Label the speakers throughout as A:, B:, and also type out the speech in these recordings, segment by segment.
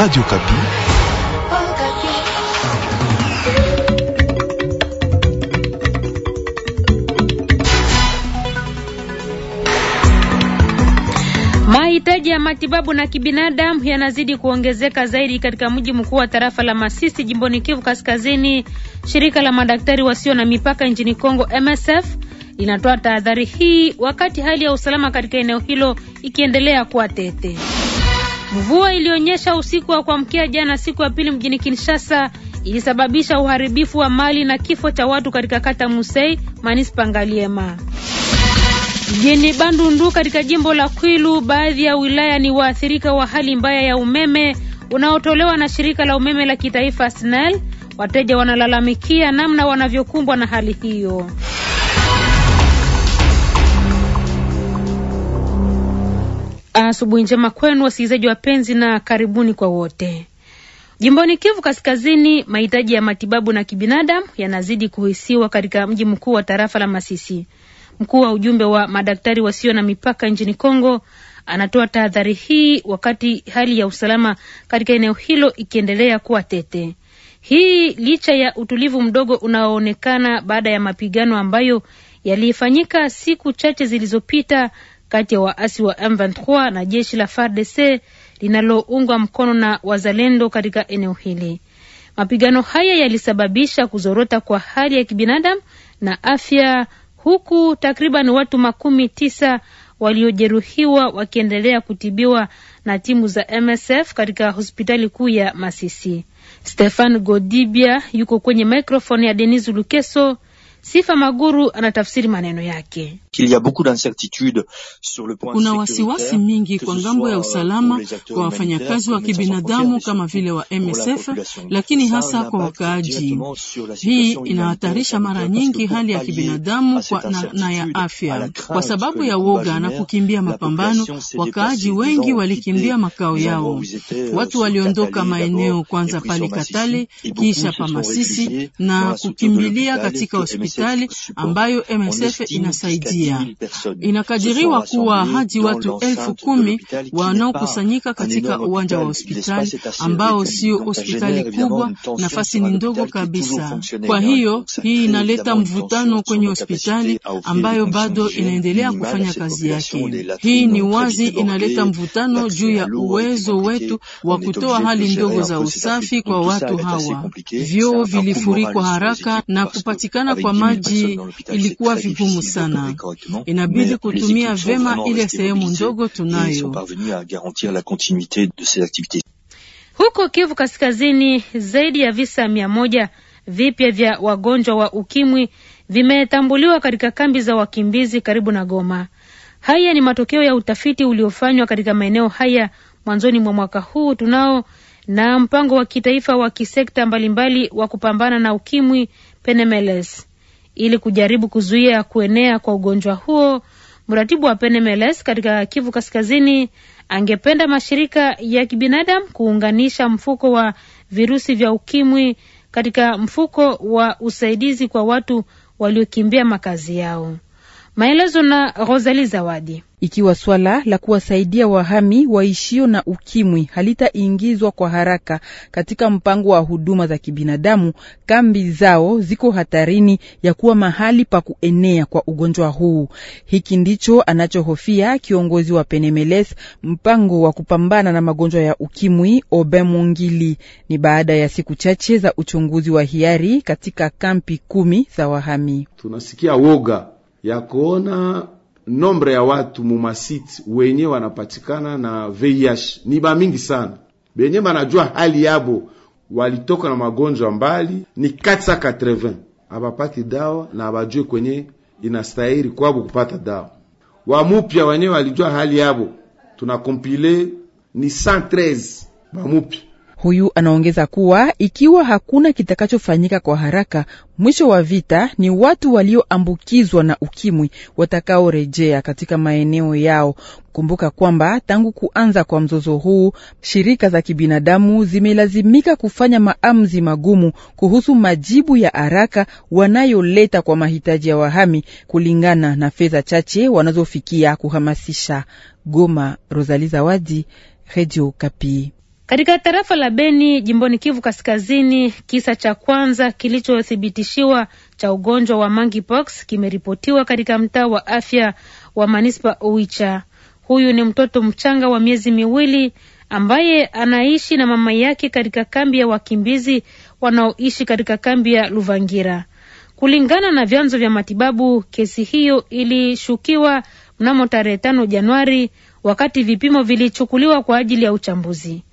A: Radio Kapi.
B: Mahitaji ya matibabu na kibinadamu yanazidi kuongezeka zaidi katika mji mkuu wa tarafa la Masisi jimboni Kivu Kaskazini. Shirika la madaktari wasio na mipaka nchini Kongo MSF linatoa tahadhari hii wakati hali ya usalama katika eneo hilo ikiendelea kuwa tete. Mvua iliyonyesha usiku wa kuamkia jana siku ya pili mjini Kinshasa ilisababisha uharibifu wa mali na kifo cha watu katika kata Musei, manispa Ngaliema. Mjini Bandundu katika jimbo la Kwilu, baadhi ya wilaya ni waathirika wa hali mbaya ya umeme unaotolewa na shirika la umeme la kitaifa SNEL. Wateja wanalalamikia namna wanavyokumbwa na hali hiyo. Uh, asubuhi njema kwenu wasikilizaji wapenzi, na karibuni kwa wote. Jimboni Kivu Kaskazini, mahitaji ya matibabu na kibinadamu yanazidi kuhisiwa katika mji mkuu wa tarafa la Masisi. Mkuu wa ujumbe wa madaktari wasio na mipaka nchini Kongo anatoa tahadhari hii wakati hali ya usalama katika eneo hilo ikiendelea kuwa tete. Hii licha ya utulivu mdogo unaoonekana baada ya mapigano ambayo yalifanyika siku chache zilizopita kati ya waasi wa M23 na jeshi la FARDC linaloungwa mkono na wazalendo katika eneo hili. Mapigano haya yalisababisha kuzorota kwa hali ya kibinadamu na afya, huku takriban watu makumi tisa waliojeruhiwa wakiendelea kutibiwa na timu za MSF katika hospitali kuu ya Masisi. Stefan Godibia yuko kwenye mikrofoni ya Denis Lukeso. Sifa Maguru anatafsiri maneno yake.
C: Kuna wasiwasi
B: mingi kwa ngambo ya euh, usalama
C: kwa wafanyakazi wa kibinadamu
D: kama vile wa MSF, lakini hasa kwa wakaaji. Hii inahatarisha mara nyingi hali ya kibinadamu kwa na, na ya afya. Kwa sababu ya woga na kukimbia mapambano, wakaaji wengi walikimbia makao yao. Euh, Watu waliondoka maeneo kwanza pale Katale, kisha pa Masisi na kukimbilia katika hospitali hospitali ambayo MSF inasaidia. Inakadiriwa kuwa hadi watu elfu kumi wanaokusanyika katika uwanja wa hospitali ambao sio hospitali kubwa, nafasi ni ndogo kabisa. Kwa hiyo hii inaleta mvutano kwenye hospitali ambayo bado inaendelea kufanya kazi yake. Hii ni wazi inaleta mvutano juu ya uwezo wetu wa kutoa hali ndogo za usafi kwa watu hawa. Vyoo vilifurikwa haraka na kupatikana kwa maji ilikuwa vigumu sana,
C: inabidi kutumia vema ile sehemu ndogo tunayo
B: huko Kivu Kaskazini. Zaidi ya visa mia moja vipya vya wagonjwa wa ukimwi vimetambuliwa katika kambi za wakimbizi karibu na Goma. Haya ni matokeo ya utafiti uliofanywa katika maeneo haya mwanzoni mwa mwaka huu tunao na mpango wa kitaifa wa kisekta mbalimbali wa kupambana na ukimwi Penemeles. Ili kujaribu kuzuia kuenea kwa ugonjwa huo, mratibu wa Penemeles katika Kivu Kaskazini angependa mashirika ya kibinadamu kuunganisha mfuko wa virusi vya ukimwi katika mfuko wa usaidizi kwa watu waliokimbia makazi yao. Maelezo na Rosali Zawadi.
E: Ikiwa swala la kuwasaidia wahami waishio na ukimwi halitaingizwa kwa haraka katika mpango wa huduma za kibinadamu, kambi zao ziko hatarini ya kuwa mahali pa kuenea kwa ugonjwa huu. Hiki ndicho anachohofia kiongozi wa Penemeles, mpango wa kupambana na magonjwa ya ukimwi, Obe Mungili. Ni baada ya siku chache za uchunguzi wa hiari katika kampi kumi za wahami.
C: Tunasikia woga ya kuona nombre ya watu mumasiti wenye wanapatikana na VIH ni ba mingi sana, benye banajua hali yabo walitoka na magonjwa mbali, ni 480 abapati dawa na abajue kwenye inastahili kwabo kupata dawa. Wamupya wenye walijua hali yabo, tunakompile ni 113 bamupya
E: Huyu anaongeza kuwa ikiwa hakuna kitakachofanyika kwa haraka, mwisho wa vita ni watu walioambukizwa na ukimwi watakaorejea katika maeneo yao. Kumbuka kwamba tangu kuanza kwa mzozo huu, shirika za kibinadamu zimelazimika kufanya maamuzi magumu kuhusu majibu ya haraka wanayoleta kwa mahitaji ya wahami kulingana na fedha chache wanazofikia kuhamasisha. Goma, Rosali Zawadi, Radio Kapi.
B: Katika tarafa la Beni jimboni Kivu Kaskazini, kisa cha kwanza kilichothibitishiwa cha ugonjwa wa monkeypox kimeripotiwa katika mtaa wa afya wa manispa Uicha. Huyu ni mtoto mchanga wa miezi miwili ambaye anaishi na mama yake katika kambi ya wakimbizi wanaoishi katika kambi ya Luvangira. Kulingana na vyanzo vya matibabu, kesi hiyo ilishukiwa mnamo tarehe tano Januari wakati vipimo vilichukuliwa kwa ajili ya uchambuzi.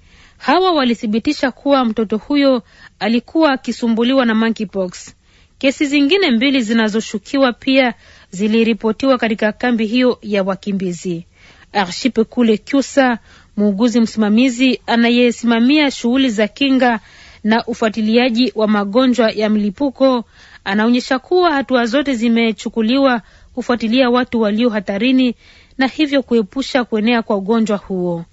B: Hawa walithibitisha kuwa mtoto huyo alikuwa akisumbuliwa na monkeypox. Kesi zingine mbili zinazoshukiwa pia ziliripotiwa katika kambi hiyo ya wakimbizi. Arshipe Kule Kyusa, muuguzi msimamizi anayesimamia shughuli za kinga na ufuatiliaji wa magonjwa ya mlipuko, anaonyesha kuwa hatua zote zimechukuliwa kufuatilia watu walio hatarini na hivyo kuepusha kuenea kwa ugonjwa huo.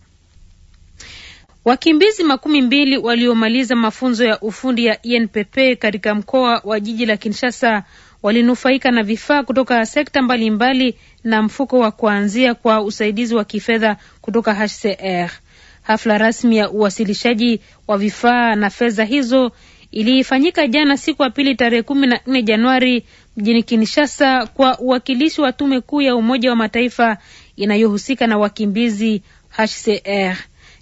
B: Wakimbizi makumi mbili waliomaliza mafunzo ya ufundi ya INPP e katika mkoa wa jiji la Kinshasa walinufaika na vifaa kutoka sekta mbalimbali mbali na mfuko wa kuanzia kwa usaidizi wa kifedha kutoka HCR. Hafla rasmi ya uwasilishaji wa vifaa na fedha hizo ilifanyika jana siku ya pili tarehe kumi na nne Januari mjini Kinshasa kwa uwakilishi wa tume kuu ya Umoja wa Mataifa inayohusika na wakimbizi HCR.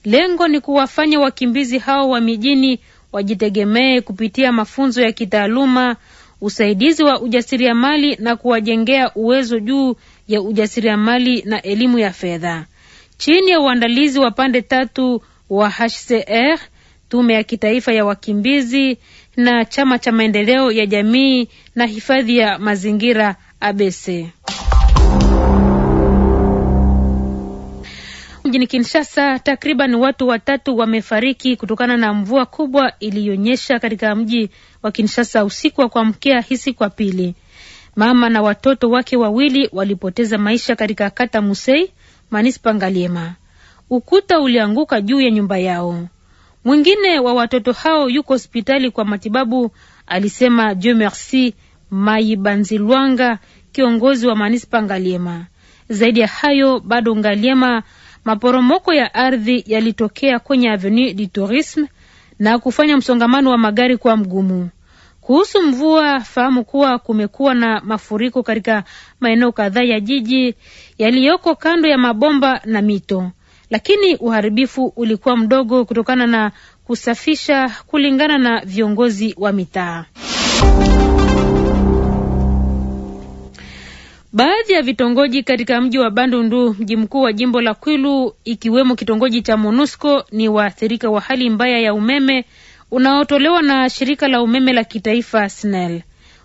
B: Lengo ni kuwafanya wakimbizi hao wa mijini wajitegemee kupitia mafunzo ya kitaaluma, usaidizi wa ujasiriamali na kuwajengea uwezo juu ya ujasiriamali na elimu ya fedha. Chini ya uandalizi wa pande tatu wa HCR, tume ya kitaifa ya wakimbizi na chama cha maendeleo ya jamii na hifadhi ya mazingira ABC. mjini Kinshasa takriban watu watatu wamefariki kutokana na mvua kubwa iliyonyesha katika mji wa Kinshasa usiku wa kuamkia hii siku ya pili. Mama na watoto wake wawili walipoteza maisha katika kata Musei, manispa Ngaliema. Ukuta ulianguka juu ya nyumba yao. Mwingine wa watoto hao yuko hospitali kwa matibabu, alisema Dieu Merci banzilwanga kiongozi wa manispa Ngaliema. Zaidi ya hayo, bado Ngaliema maporomoko ya ardhi yalitokea kwenye Avenue du Tourisme na kufanya msongamano wa magari kuwa mgumu. Kuhusu mvua, fahamu kuwa kumekuwa na mafuriko katika maeneo kadhaa ya jiji yaliyoko kando ya mabomba na mito, lakini uharibifu ulikuwa mdogo kutokana na kusafisha, kulingana na viongozi wa mitaa. Baadhi ya vitongoji katika mji wa Bandundu, mji mkuu wa jimbo la Kwilu, ikiwemo kitongoji cha MONUSCO ni waathirika wa hali mbaya ya umeme unaotolewa na shirika la umeme la kitaifa SNEL.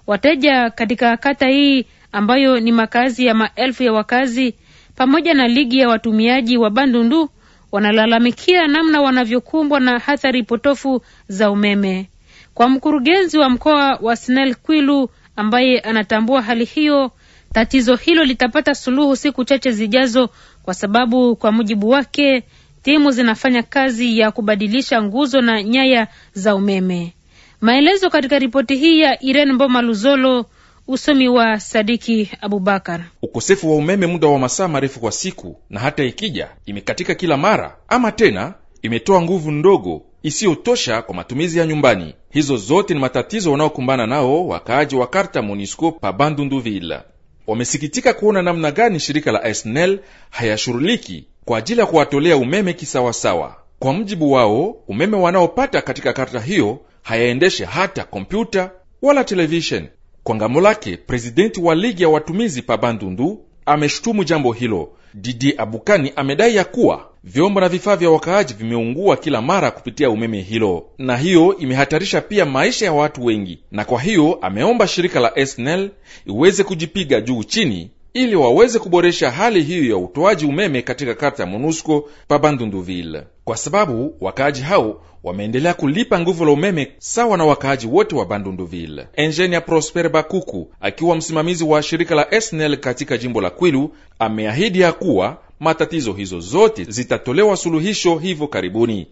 B: Wateja katika kata hii ambayo ni makazi ya maelfu ya wakazi pamoja na ligi ya watumiaji wa Bandundu wanalalamikia namna wanavyokumbwa na athari potofu za umeme. Kwa mkurugenzi wa mkoa wa SNEL Kwilu ambaye anatambua hali hiyo, Tatizo hilo litapata suluhu siku chache zijazo, kwa sababu kwa mujibu wake timu zinafanya kazi ya kubadilisha nguzo na nyaya za umeme. Maelezo katika ripoti hii ya Irene Mboma Luzolo. Usomi wa Sadiki Abubakar.
A: Ukosefu wa umeme muda wa masaa marefu kwa siku, na hata ikija imekatika kila mara, ama tena imetoa nguvu ndogo isiyotosha kwa matumizi ya nyumbani. Hizo zote ni matatizo wanaokumbana nao wakaaji wa karta monisco pa Bandunduville wamesikitika kuona namna gani shirika la SNEL hayashughuliki kwa ajili ya kuwatolea umeme kisawasawa. Kwa mjibu wao, umeme wanaopata katika karta hiyo hayaendeshe hata kompyuta wala televisheni. Kwa ngamo lake, prezidenti wa ligi ya watumizi pa Bandundu ameshutumu jambo hilo. Didi Abukani amedai ya kuwa vyombo na vifaa vya wakaaji vimeungua kila mara kupitia umeme hilo, na hiyo imehatarisha pia maisha ya watu wengi, na kwa hiyo ameomba shirika la SNEL iweze kujipiga juu chini ili waweze kuboresha hali hiyo ya utoaji umeme katika kata ya MONUSCO pa Bandunduville kwa sababu wakaaji hao wameendelea kulipa nguvu la umeme sawa na wakaaji wote wa Bandunduville. Enjenia Prosper Bakuku akiwa msimamizi wa shirika la SNEL katika jimbo la Kwilu ameahidi ya kuwa matatizo hizo zote zitatolewa suluhisho hivyo karibuni.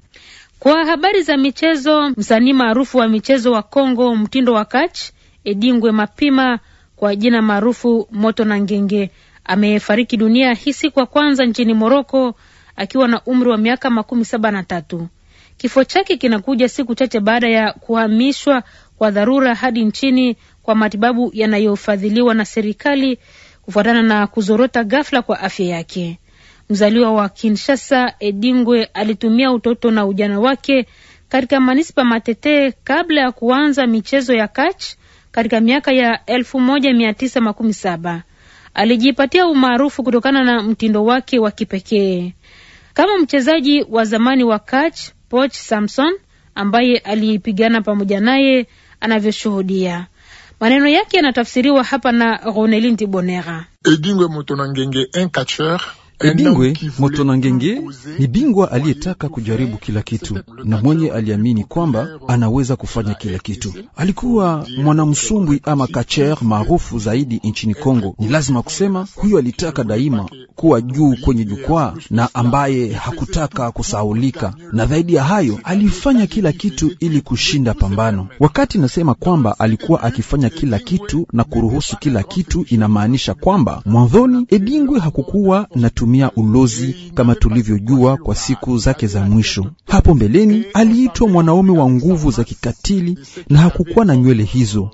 B: Kwa habari za michezo, msanii maarufu wa michezo wa Kongo mtindo wa kach Edingwe Mapima kwa jina maarufu Moto na Ngenge amefariki dunia hii siku ya kwanza nchini Moroko akiwa na umri wa miaka makumi saba na tatu. Kifo chake kinakuja siku chache baada ya kuhamishwa kwa dharura hadi nchini kwa matibabu yanayofadhiliwa na serikali kufuatana na kuzorota ghafla kwa afya yake. Mzaliwa wa Kinshasa, Edingwe alitumia utoto na ujana wake katika manispa Matete kabla ya kuanza michezo ya kach katika miaka ya elfu moja mia tisa makumi saba. Alijipatia umaarufu kutokana na mtindo wake wa kipekee kama mchezaji wa zamani wa Kach Poch Samson ambaye alipigana pamoja naye anavyoshuhudia. Maneno yake yanatafsiriwa hapa na Ronelin Tibonera. Edingwe Moto na Ngenge,
F: un catcheur
C: Ibingwe na Ngenge ni bingwa aliyetaka kujaribu kila kitu na mwenye aliamini kwamba anaweza kufanya kila kitu. Alikuwa mwanamsumbwi ama kacher maarufu zaidi nchini Kongo. Ni lazima kusema huyo alitaka daima kuwa juu kwenye jukwaa na ambaye hakutaka kusahaulika, na zaidi ya hayo alifanya kila kitu ili kushinda pambano. Wakati nasema kwamba alikuwa akifanya kila kitu na kuruhusu kila kitu, inamaanisha kwamba mwanzoni Ebingwe hakukuwa na kutumia ulozi kama tulivyojua kwa siku zake za mwisho. Hapo mbeleni aliitwa mwanaume wa nguvu za kikatili, na hakukuwa na nywele hizo.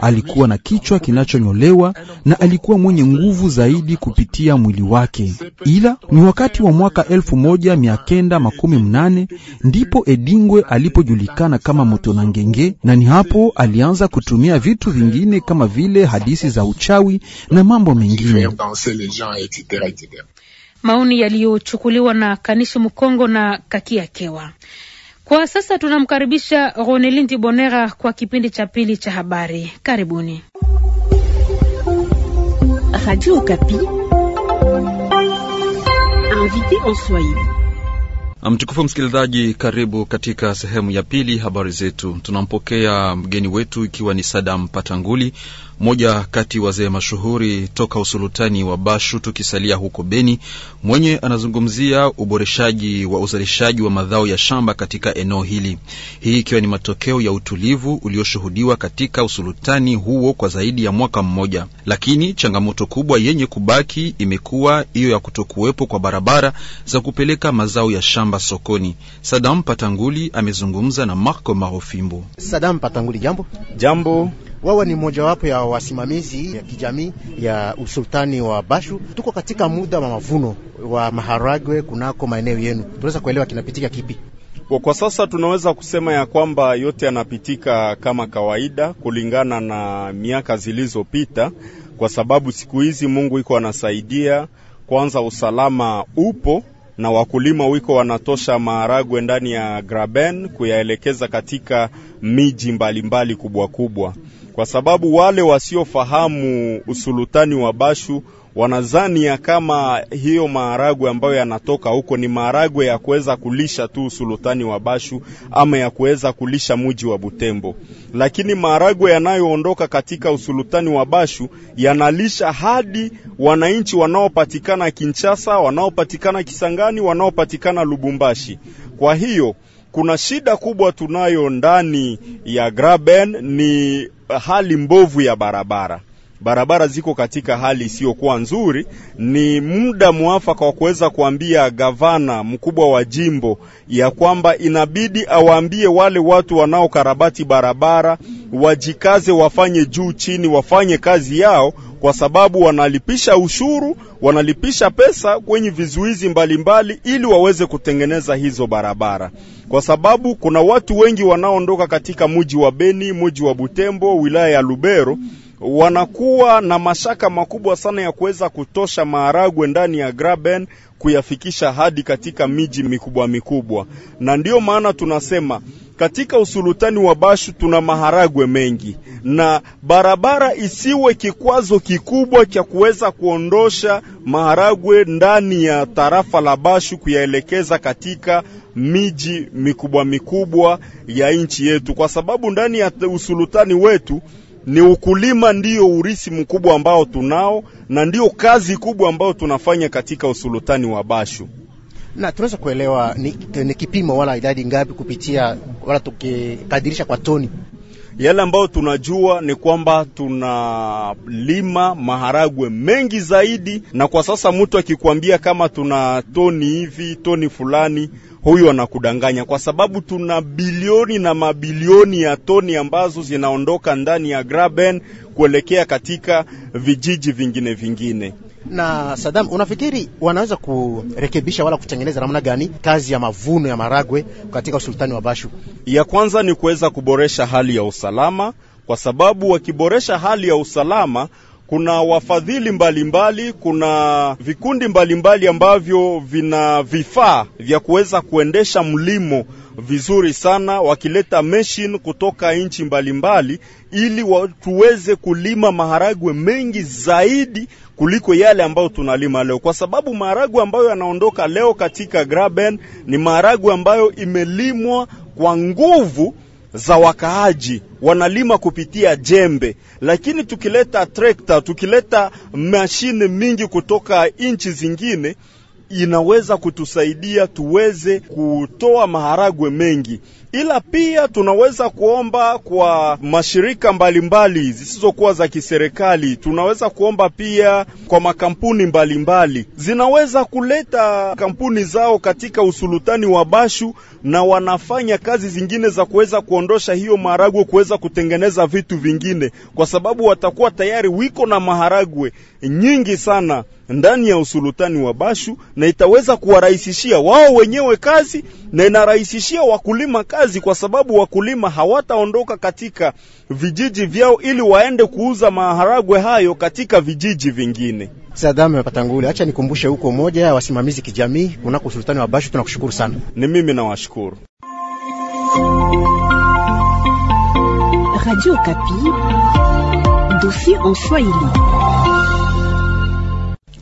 C: Alikuwa na kichwa kinachonyolewa na alikuwa mwenye nguvu zaidi kupitia mwili wake. Ila ni wakati wa mwaka 1918 ndipo Edingwe alipojulikana kama Motonangenge, na ni hapo alianza kutumia vitu vingine kama vile hadisi za uchawi na mambo mengine
B: maoni yaliyochukuliwa na Kanishi Mkongo na Kakia Kewa. Kwa sasa tunamkaribisha Ronelindi Bonera kwa kipindi cha pili cha habari. Karibuni Radio
C: Mtukufu msikilizaji, karibu katika sehemu ya pili habari zetu. Tunampokea mgeni wetu ikiwa ni Sadam Patanguli mmoja kati wazee mashuhuri toka usulutani wa Bashu. Tukisalia huko Beni, mwenye anazungumzia uboreshaji wa uzalishaji wa madhao ya shamba katika eneo hili, hii ikiwa ni matokeo ya utulivu ulioshuhudiwa katika usulutani huo kwa zaidi ya mwaka mmoja. Lakini changamoto kubwa yenye kubaki imekuwa hiyo ya kutokuwepo kwa barabara za kupeleka mazao ya shamba sokoni. Sadam Patanguli amezungumza na Marco Marofimbo.
A: Sadam Patanguli, jambo jambo. Wawa ni mojawapo ya wasimamizi ya kijamii ya usultani wa Bashu. Tuko katika muda wa mavuno wa maharagwe kunako maeneo yenu, tunaweza kuelewa kinapitika kipi?
F: Kwa sasa tunaweza kusema ya kwamba yote yanapitika kama kawaida kulingana na miaka zilizopita, kwa sababu siku hizi Mungu iko anasaidia. Kwanza usalama upo na wakulima wiko wanatosha maharagwe ndani ya Graben kuyaelekeza katika miji mbalimbali kubwa kubwa kwa sababu wale wasiofahamu usulutani wa Bashu wanazani ya kama hiyo maharagwe ambayo yanatoka huko ni maharagwe ya kuweza kulisha tu usulutani wa Bashu ama ya kuweza kulisha muji wa Butembo, lakini maharagwe yanayoondoka katika usulutani wa Bashu yanalisha hadi wananchi wanaopatikana Kinshasa, wanaopatikana Kisangani, wanaopatikana Lubumbashi. Kwa hiyo kuna shida kubwa tunayo ndani ya Graben ni hali mbovu ya barabara barabara ziko katika hali isiyokuwa nzuri. Ni muda mwafaka wa kuweza kuambia gavana mkubwa wa jimbo ya kwamba inabidi awaambie wale watu wanaokarabati barabara wajikaze, wafanye juu chini, wafanye kazi yao, kwa sababu wanalipisha ushuru, wanalipisha pesa kwenye vizuizi mbalimbali mbali, ili waweze kutengeneza hizo barabara, kwa sababu kuna watu wengi wanaoondoka katika muji wa Beni, muji wa Butembo, wilaya ya Lubero wanakuwa na mashaka makubwa sana ya kuweza kutosha maharagwe ndani ya Graben kuyafikisha hadi katika miji mikubwa mikubwa, na ndiyo maana tunasema katika usulutani wa Bashu tuna maharagwe mengi, na barabara isiwe kikwazo kikubwa cha kuweza kuondosha maharagwe ndani ya tarafa la Bashu kuyaelekeza katika miji mikubwa mikubwa ya nchi yetu, kwa sababu ndani ya usulutani wetu ni ukulima ndiyo urisi mkubwa ambao tunao na ndiyo kazi kubwa ambayo tunafanya katika usultani wa Bashu.
A: Na tunaweza kuelewa ni, ni kipimo wala idadi ngapi kupitia wala tukikadirisha kwa toni?
F: Yale ambayo tunajua ni kwamba tunalima maharagwe mengi zaidi, na kwa sasa mtu akikwambia kama tuna toni hivi toni fulani huyu anakudanganya, kwa sababu tuna bilioni na mabilioni ya toni ambazo zinaondoka ndani ya Graben kuelekea katika vijiji vingine vingine.
D: Na Sadam,
A: unafikiri wanaweza kurekebisha wala kutengeneza namna gani kazi ya mavuno ya maragwe katika usultani wa Bashu?
F: Ya kwanza ni kuweza kuboresha hali ya usalama, kwa sababu wakiboresha hali ya usalama kuna wafadhili mbalimbali mbali, kuna vikundi mbalimbali mbali ambavyo vina vifaa vya kuweza kuendesha mlimo vizuri sana, wakileta machine kutoka nchi mbalimbali ili tuweze kulima maharagwe mengi zaidi kuliko yale ambayo tunalima leo, kwa sababu maharagwe ambayo yanaondoka leo katika Graben ni maharagwe ambayo imelimwa kwa nguvu za wakaaji wanalima kupitia jembe, lakini tukileta trekta, tukileta mashine mingi kutoka nchi zingine inaweza kutusaidia tuweze kutoa maharagwe mengi ila pia tunaweza kuomba kwa mashirika mbalimbali zisizokuwa za kiserikali. Tunaweza kuomba pia kwa makampuni mbalimbali mbali. Zinaweza kuleta kampuni zao katika usulutani wa Bashu na wanafanya kazi zingine za kuweza kuondosha hiyo maharagwe kuweza kutengeneza vitu vingine, kwa sababu watakuwa tayari wiko na maharagwe nyingi sana ndani ya usulutani wa Bashu, na itaweza kuwarahisishia wao wenyewe kazi na inarahisishia wakulima kazi kazi, kwa sababu wakulima hawataondoka katika vijiji vyao ili waende kuuza maharagwe hayo katika vijiji vingine.
A: Sadame Patangule, acha nikumbushe huko moja ya wasimamizi kijamii kunako usultani wa Bashu. Tunakushukuru sana. Ni mimi nawashukuru.
B: Radio Kapi, dossier en Swahili.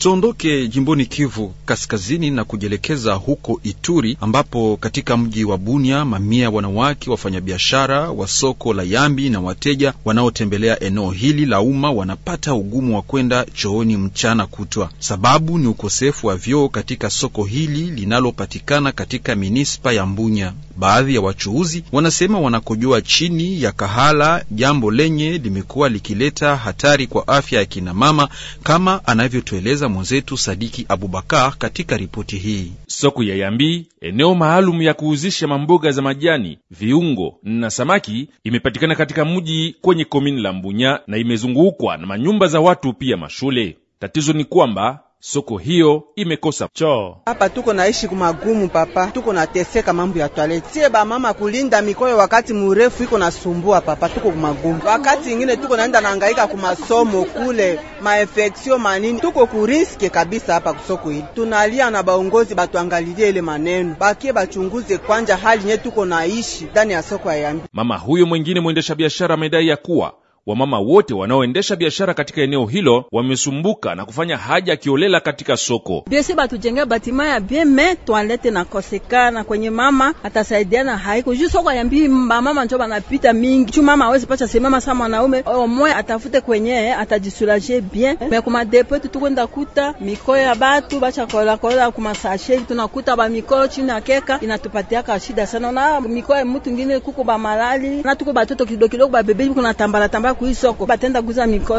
C: Tuondoke jimboni Kivu Kaskazini na kujielekeza huko Ituri, ambapo katika mji wa Bunia mamia wanawake wafanyabiashara wa soko la Yambi na wateja wanaotembelea eneo hili la umma wanapata ugumu wa kwenda chooni mchana kutwa. Sababu ni ukosefu wa vyoo katika soko hili linalopatikana katika minispa ya Mbunya. Baadhi ya wachuuzi wanasema wanakojoa chini ya kahala, jambo lenye limekuwa likileta hatari kwa afya ya kinamama kama anavyotueleza mwenzetu Sadiki Abubakar katika ripoti hii. Soko ya Yambi, eneo maalum ya kuuzisha mamboga
A: za majani, viungo na samaki, imepatikana katika mji kwenye komini la Mbunya na imezungukwa na manyumba za watu, pia mashule. Tatizo ni kwamba soko hiyo imekosa choo.
E: Hapa tuko naishi kumagumu, papa, tuko nateseka mambo ya toileti. Sie bamama kulinda mikoyo wakati murefu iko nasumbua papa, tuko kumagumu. Wakati ingine tuko naenda naangaika kumasomo kule mainfeksio manini, tuko kuriske kabisa hapa kusoko hili. Tunalia na baongozi batuangalilie ile maneno, bakie bachunguze kwanja hali nye tuko naishi ndani ya soko ya Yambi.
A: Mama huyo mwingine mwendesha biashara amedai ya kuwa wamama wote wanaoendesha biashara katika eneo hilo wamesumbuka na kufanya haja kiolela katika soko.
E: Biesi batujengea batima ya bieme twalete na kosekana kwenye mama atasaidiana haiko juu soko ya mbii mama njo banapita mingi juu mama awezi pacha semama sa mwanaume omoya atafute kwenye atajisulaje bien me kumadepo etu tukwenda kuta mikoyo ya batu bacha kolakola kumasashe tunakuta bamikoyo chini ya keka inatupatiaka shida sana na mikoyo ya mutu ngine kuko bamalali na tuko batoto kidogo kidogo babebe kuna tambalatambala kuisoko batenda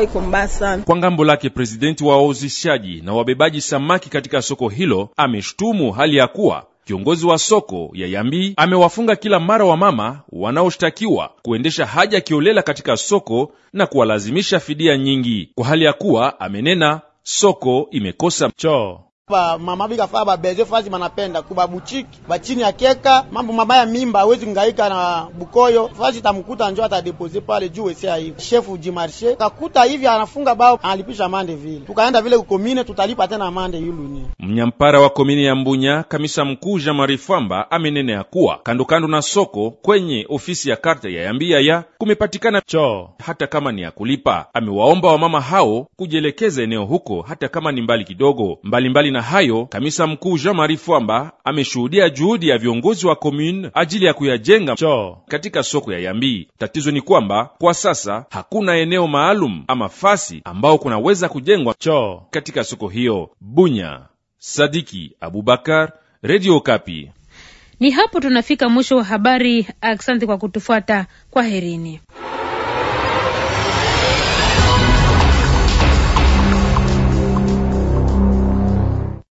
E: iko mbaya sana.
A: Kwa ngambo lake, presidenti wa wauzishaji na wabebaji samaki katika soko hilo ameshutumu hali ya kuwa kiongozi wa soko ya yambi amewafunga kila mara wa mama wanaoshtakiwa kuendesha haja kiolela katika soko na kuwalazimisha fidia nyingi, kwa hali ya kuwa amenena soko imekosa choo.
F: Ba mama bika fa ba bezo fazi manapenda kubabuchiki bachini akeka mambo mabaya mimba awezi ngaika na bukoyo fazi tamkuta njo atadepose pale juu wesea hivi shefu
A: jimarshe kakuta hivi anafunga bao analipisha mande vile tukaenda vile kukomine tutalipa tena mande yuluni. Mnyampara wa komini ya Mbunya kamisa mkuu Jean Marie Famba amenene ya kando kando na soko kwenye ofisi ya karte ya Yambia ya kumepatikana choo hata kama ni ya kulipa. Amewaomba wamama hao kujielekeza eneo huko hata kama ni mbali kidogo mbali mbali na hayo, kamisa mkuu Jean Marie Fwamba ameshuhudia juhudi ya viongozi wa komune ajili ya kuyajenga cho katika soko ya Yambi. Tatizo ni kwamba kwa sasa hakuna eneo maalum ama fasi ambao kunaweza kujengwa cho katika soko hiyo. Bunya, Sadiki Abubakar, Radio Kapi.
B: Ni hapo tunafika mwisho wa habari. Asante kwa kutufuata, kwa herini.